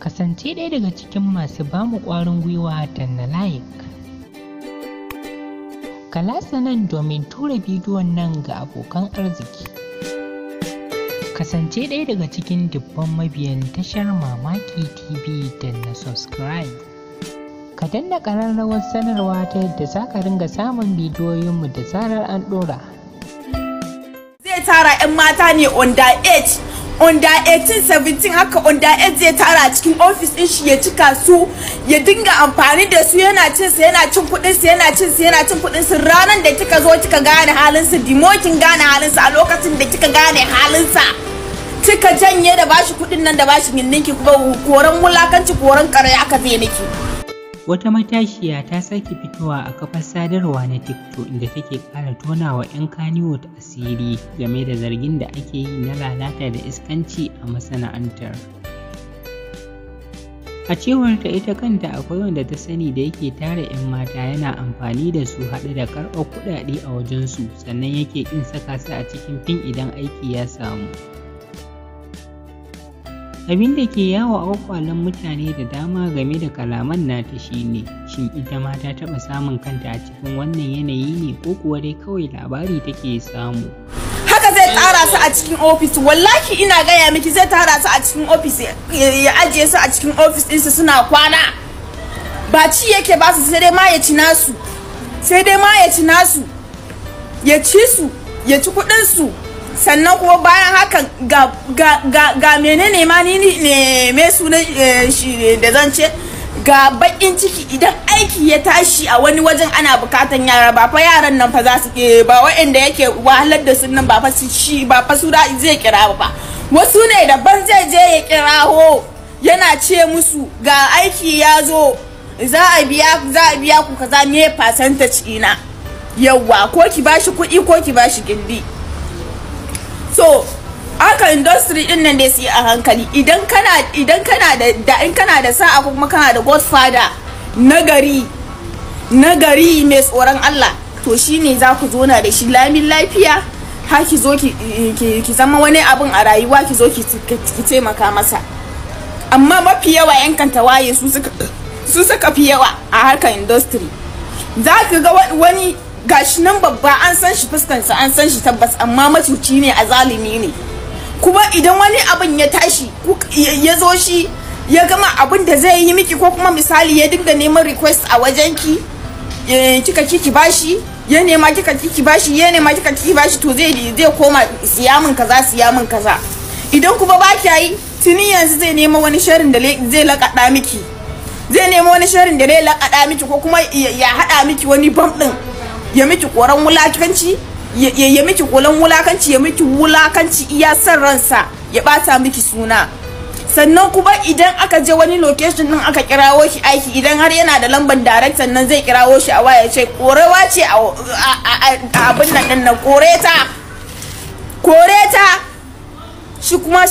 kasance ɗaya daga cikin masu ba mu ƙwarin gwiwa da na like. Kalasa nan domin tura bidiyon nan ga abokan arziki. Kasance ɗaya daga cikin dubban mabiyan tashar Mamaki TV da na subscribe. Ka danna ƙararrawar sanarwa ta yadda za ka ringa samun bidiyoyinmu da zarar an ɗora. Zai tara 'yan mata ne on the age under 18 17 haka under 8 zai tara a cikin ofis din shi ya cika su ya dinga amfani da su yana cin yana cin kudin yana cin yana cin kudin sa da kika zo kika gane halin dimokin gane halin a lokacin da kika gane halin sa kika janye da bashi kudin nan da bashi ninninki kuma koran wulakanci koran karaya aka zai niki Wata matashiya ta sake fitowa a kafar sadarwa na TikTok inda take ƙara tona wa 'yan Kannywood asiri game da zargin da ake yi na lalata da iskanci a masana'antar. A cewar ta ita kanta akwai wanda ta sani da yake tara 'yan mata yana amfani da su haɗe da karɓar kuɗaɗe a wajensu sannan yake ƙin saka su a cikin fim idan aiki ya samu. Abin da ke yawo a kwakwalen mutane da dama game da kalaman nata ne, shin ita ma ta taɓa samun kanta a cikin wannan yanayi ne ko kuwa dai kawai labari take samu. Haka zai tara su a cikin ofis wallahi ina gaya miki zai tara su a cikin ofis ya ajiye su a cikin ofis ɗinsu suna kwana. Ba ci yake ba su sai dai ma ya ci nasu sai dai ma ya ci nasu ya ci su ya ci kuɗinsu sannan kuma bayan haka ga ga ga ga menene ma ni eh, ne shi da zan ce ga bakin ciki idan aiki ya tashi a wani wajen ana bukatan yara ba fa yaran nan fa za su ke ba waɗanda yake wahalar da su nan ba fa shi ba fa su zai kira ba wasu ne daban zai je ya ho yana ce musu ga aiki ya zo za a biya za a biya ku kaza me percentage ina yawwa ko ki bashi kuɗi ko ki bashi gindi so aka industry din nan dai su yi a hankali idan kana idan kana da in kana da sa'a ko kuma kana da godfather nagari nagari mai tsoron Allah to shine za ku zo na da shi lamin lafiya ha ki zo ki zama wani abin a rayuwa ki zo ki taimaka masa amma mafi yawa yan kantawaye su suka fi yawa a harkar industry za ka ga wani gashi nan babba an san shi fuskansa an san shi tabbas amma macuci ne a zalimi ne kuma idan wani abin ya tashi ya zo shi ya gama abin da zai yi miki ko kuma misali ya dinga neman request a wajen ki kika kiki bashi ya nema kika kiki bashi ya nema kika kiki bashi to zai zai koma siyamin kaza siyamin kaza idan kuma ba ki yi tuni yanzu zai nema wani sharin da zai lakaɗa miki zai nema wani sharin da zai lakada miki ko kuma ya haɗa miki wani bam ɗin ya miki koran wulakanci ya miki kolan wulakanci ya miki wulakanci iya san ransa ya bata miki suna sannan kuma idan aka je wani location din aka kirawo shi aiki idan har yana da lambar director nan zai kirawo shi a waya ce korewa ce a abin nan din nan koreta koreta shi kuma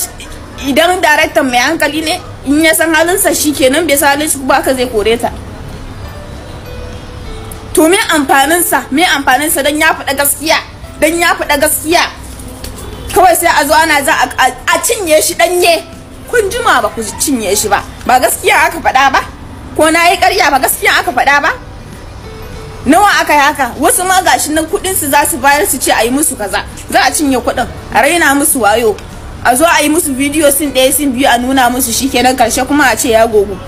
idan director mai hankali ne in ya san halinsa shi kenan bai san halin shi ba ka zai koreta to me sa me sa don ya faɗa gaskiya dan ya fada gaskiya kawai sai a zo ana za a cinye shi ɗanye kun jima ba ku cinye shi ba ba gaskiya aka faɗa ba ko na yi ƙarya ba gaskiya aka faɗa ba nawa aka yi haka wasu ma gashi nan kuɗin su za su bayar su ce a yi musu kaza za a cinye kuɗin a raina musu wayo a zo a yi musu bidiyo sun ɗaya sun biyu a nuna musu shikenan karshe kuma a ce ya gogo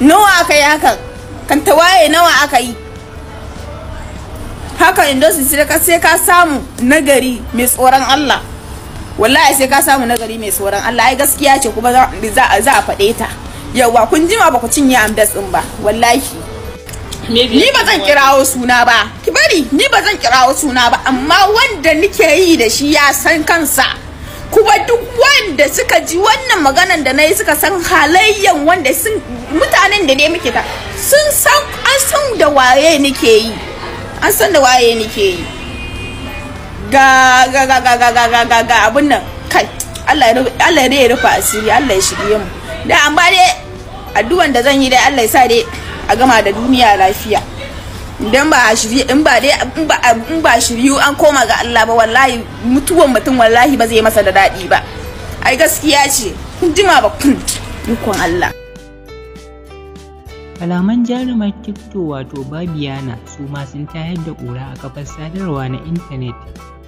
nawa aka yi haka kan tawaye nawa aka yi haka industry sai ka sai ka samu nagari mai tsoron Allah wallahi sai ka samu nagari mai tsoron Allah ai gaskiya ce kuma za a faɗe ta yawa kun jima ba ku cinye amdas din ba wallahi ni ba zan kirawo suna ba ki bari ni ba zan kirawo suna ba amma wanda nike yi da shi ya san kansa kuma duk wanda suka ji wannan maganan da na yi suka san halayyan wanda sun mutanen da ne muke ta sun san an san da waye nike yi an san da waye ke yi ga ga ga ga ga ga ga ga abin nan kai Allah ya rufa asiri Allah ya shirye mu da amma dai addu'an da zan yi dai Allah ya sa dai a gama da duniya lafiya idan ba a shirye in ba dai in ba shiryu an koma ga Allah ba wallahi mutuwan mutum wallahi ba zai masa da daɗi ba ai gaskiya ce kun jima ba kun kun Allah Kalaman jarumar TikTok wato Babiana su ma sun tayar da ƙura a kafar sadarwa na intanet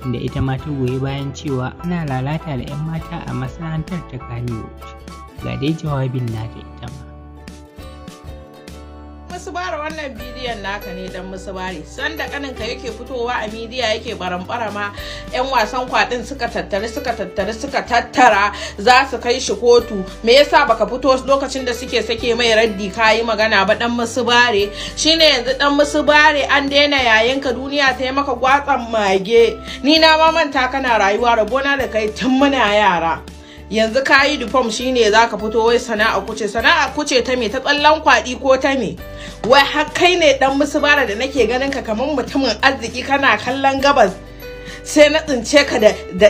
inda ita ma ta goyi bayan cewa ana lalata da 'yan mata a masana'antar ta Kanye Ga dai jawabin na nata ita ma. musu bara wannan bidiyon naka ne dan musu bare sanda kaninka yake fitowa a midiya yake barambara ma yan wasan kwadin suka tattare suka tattare suka tattara za su kai shi kotu me yasa baka fito lokacin da suke sake mai raddi kayi magana ba dan musu bare shine yanzu dan musu bare an daina yayin ka duniya ta yi maka gwatsan mage ni na ma manta kana rayuwa rabona da kai tun muna yara yanzu ka yi dufam shine za ka fito wai sana'a kuce sana'a kuce ta me ta tsallon kwaɗi ko ta me wai har kai ne dan musu bara da nake ganin ka kamar mutumin arziki kana kallon gabas sai na tsince ka da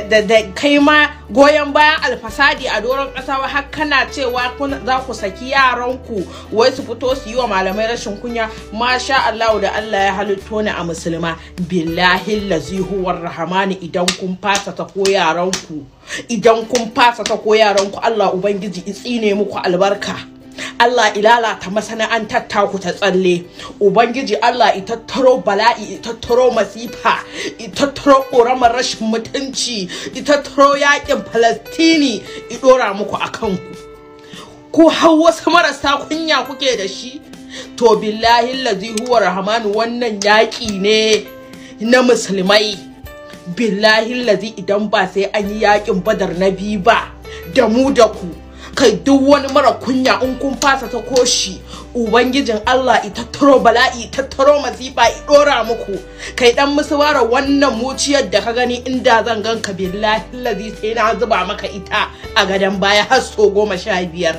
kai ma goyon bayan alfasadi a doron ƙasa har kana cewa za ku saki yaranku wai su fito su yi wa malamai rashin kunya masha Allah da Allah ya halitto ni a musulma billahi lazihuwar rahamani idan kun fasa ta ko yaranku idan kun fasa ta ko yaranku Allah ubangiji itsi ne muku albarka Allah ilala ta masana'antar taku ta tsalle ubangiji Allah itattaro bala'i itattaro masifa itattaro ƙoramar rashin mutunci itattaro yakin falastini idora muku a kanku Ko har wasu marasa kunya kuke da shi to billahi lazi huwa rahmanu wannan yaƙi ne na musulmai billahi lazi idan ba sai an yi yaƙin badar na biyu ba da mu da ku kai duk wani mara kunya in kun fasa ta koshi ubangijin Allah i taro bala'i taro masifa i dora muku kai dan musubara wannan muciyar da ka gani inda zan ganka billahi lazi sai na zuba maka ita a gadon baya har so goma sha biyar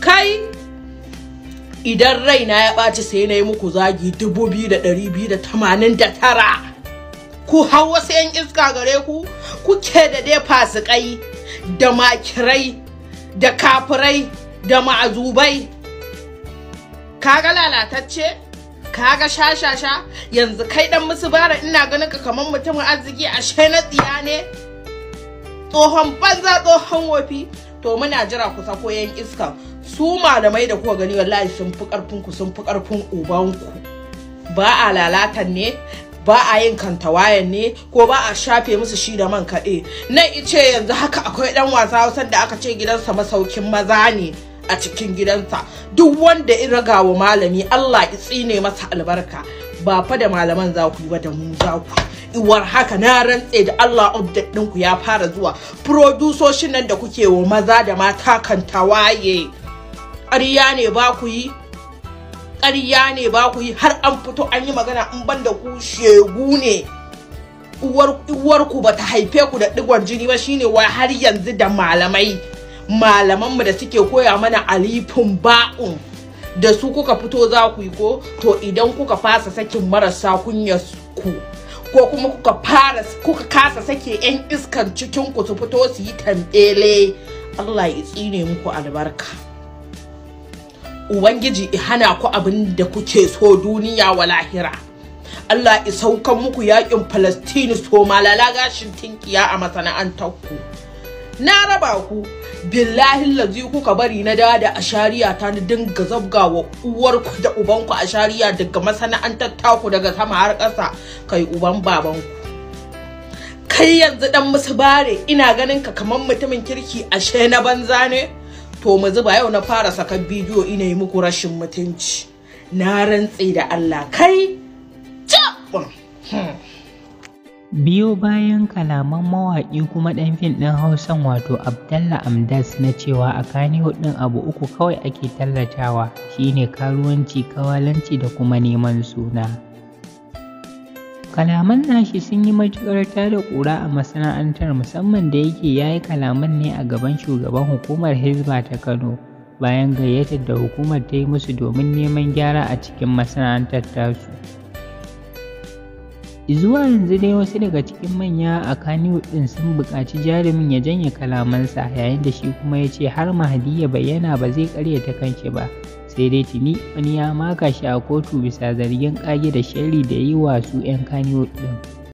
kai idan raina ya ɓaci sai na yi muku zagi dubu biyu da ɗari biyu da tamanin da tara ku hau wasu 'yan iska gare ku kuke da dai fasikai da makirai da kafirai da ma'azubai kaga lalatacce kaga shashasha yanzu kai dan musu bara ina ganin ka kamar mutumin arziki ashe na tsiya ne tsohon banza tsohon wofi to muna jira ku sako yan iska su malamai da kuka gani wallahi sun fi karfin ku sun fi karfin ubanku ba a lalatan ne ba a yin wayan ne ko ba a shafe musu shi da man kaɗe nan ice yanzu haka akwai ɗan wasa hausar da aka ce gidansa masaukin maza ne a cikin gidansa duk wanda in raga wa malami Allah ya tsine masa albarka ba fa da malaman za ku yi ba da mu za ku iwar haka na rantse da Allah update ɗinku ya fara zuwa Furodusoshin nan da kuke wa maza da mata kan tawaye ƙarya ne ba ku yi ƙarya ne ba ku yi har an fito an yi magana in ban da ku shegu ne uwarku ba ta haife ku da ɗigon jini ba shine wa har yanzu da malamai malamanmu da suke koya mana alifin ba'un da su kuka fito za ku yi ko to idan kuka fasa sakin marasa kunya ku ko kuma kuka fara kuka kasa sake yan iskan cikin ku su fito su yi tambele Allah ya tsine muku albarka ubangiji i hana ku abin da kuke so duniya wa lahira Allah isaukan muku yakin Falastini so malala gashin tinkiya a masana'antar ku na raba ku billahi lazi kuka bari na dada da ashariya ta ni dinga zabga wa uwarku da ubanku shari'a daga masana'antar taku daga sama har ƙasa kai uban babanku kai yanzu dan musu bare ina ganin ka kamar mutumin kirki ashe na banza ne to mu zuba yau na fara saka bidiyo ina yi muku rashin mutunci na rantse da Allah kai biyo bayan kalaman mawaƙi kuma ɗan fim ɗin hausan wato abdalla amdas na cewa a kani ɗin abu uku kawai ake tallatawa shine karuwanci kawalanci da kuma neman suna Kalaman nashi sun yi matuƙar tada ƙura a masana'antar musamman da yake ya yi kalaman ne a gaban shugaban hukumar Hizba ta Kano bayan gayyatar da hukumar ta yi musu domin neman gyara a cikin masana'antar tasu. Zuwa yanzu dai wasu daga cikin manya a Kaniwood ɗin sun buƙaci jarumin ya janye kalamansa yayin da shi kuma ya ce har Mahdi ya bayyana ba zai ƙaryata kanshi ba. sai dai tuni wani ya maka shi a kotu bisa zargin kage da sharri da yi wa su 'yan kaniyo ɗin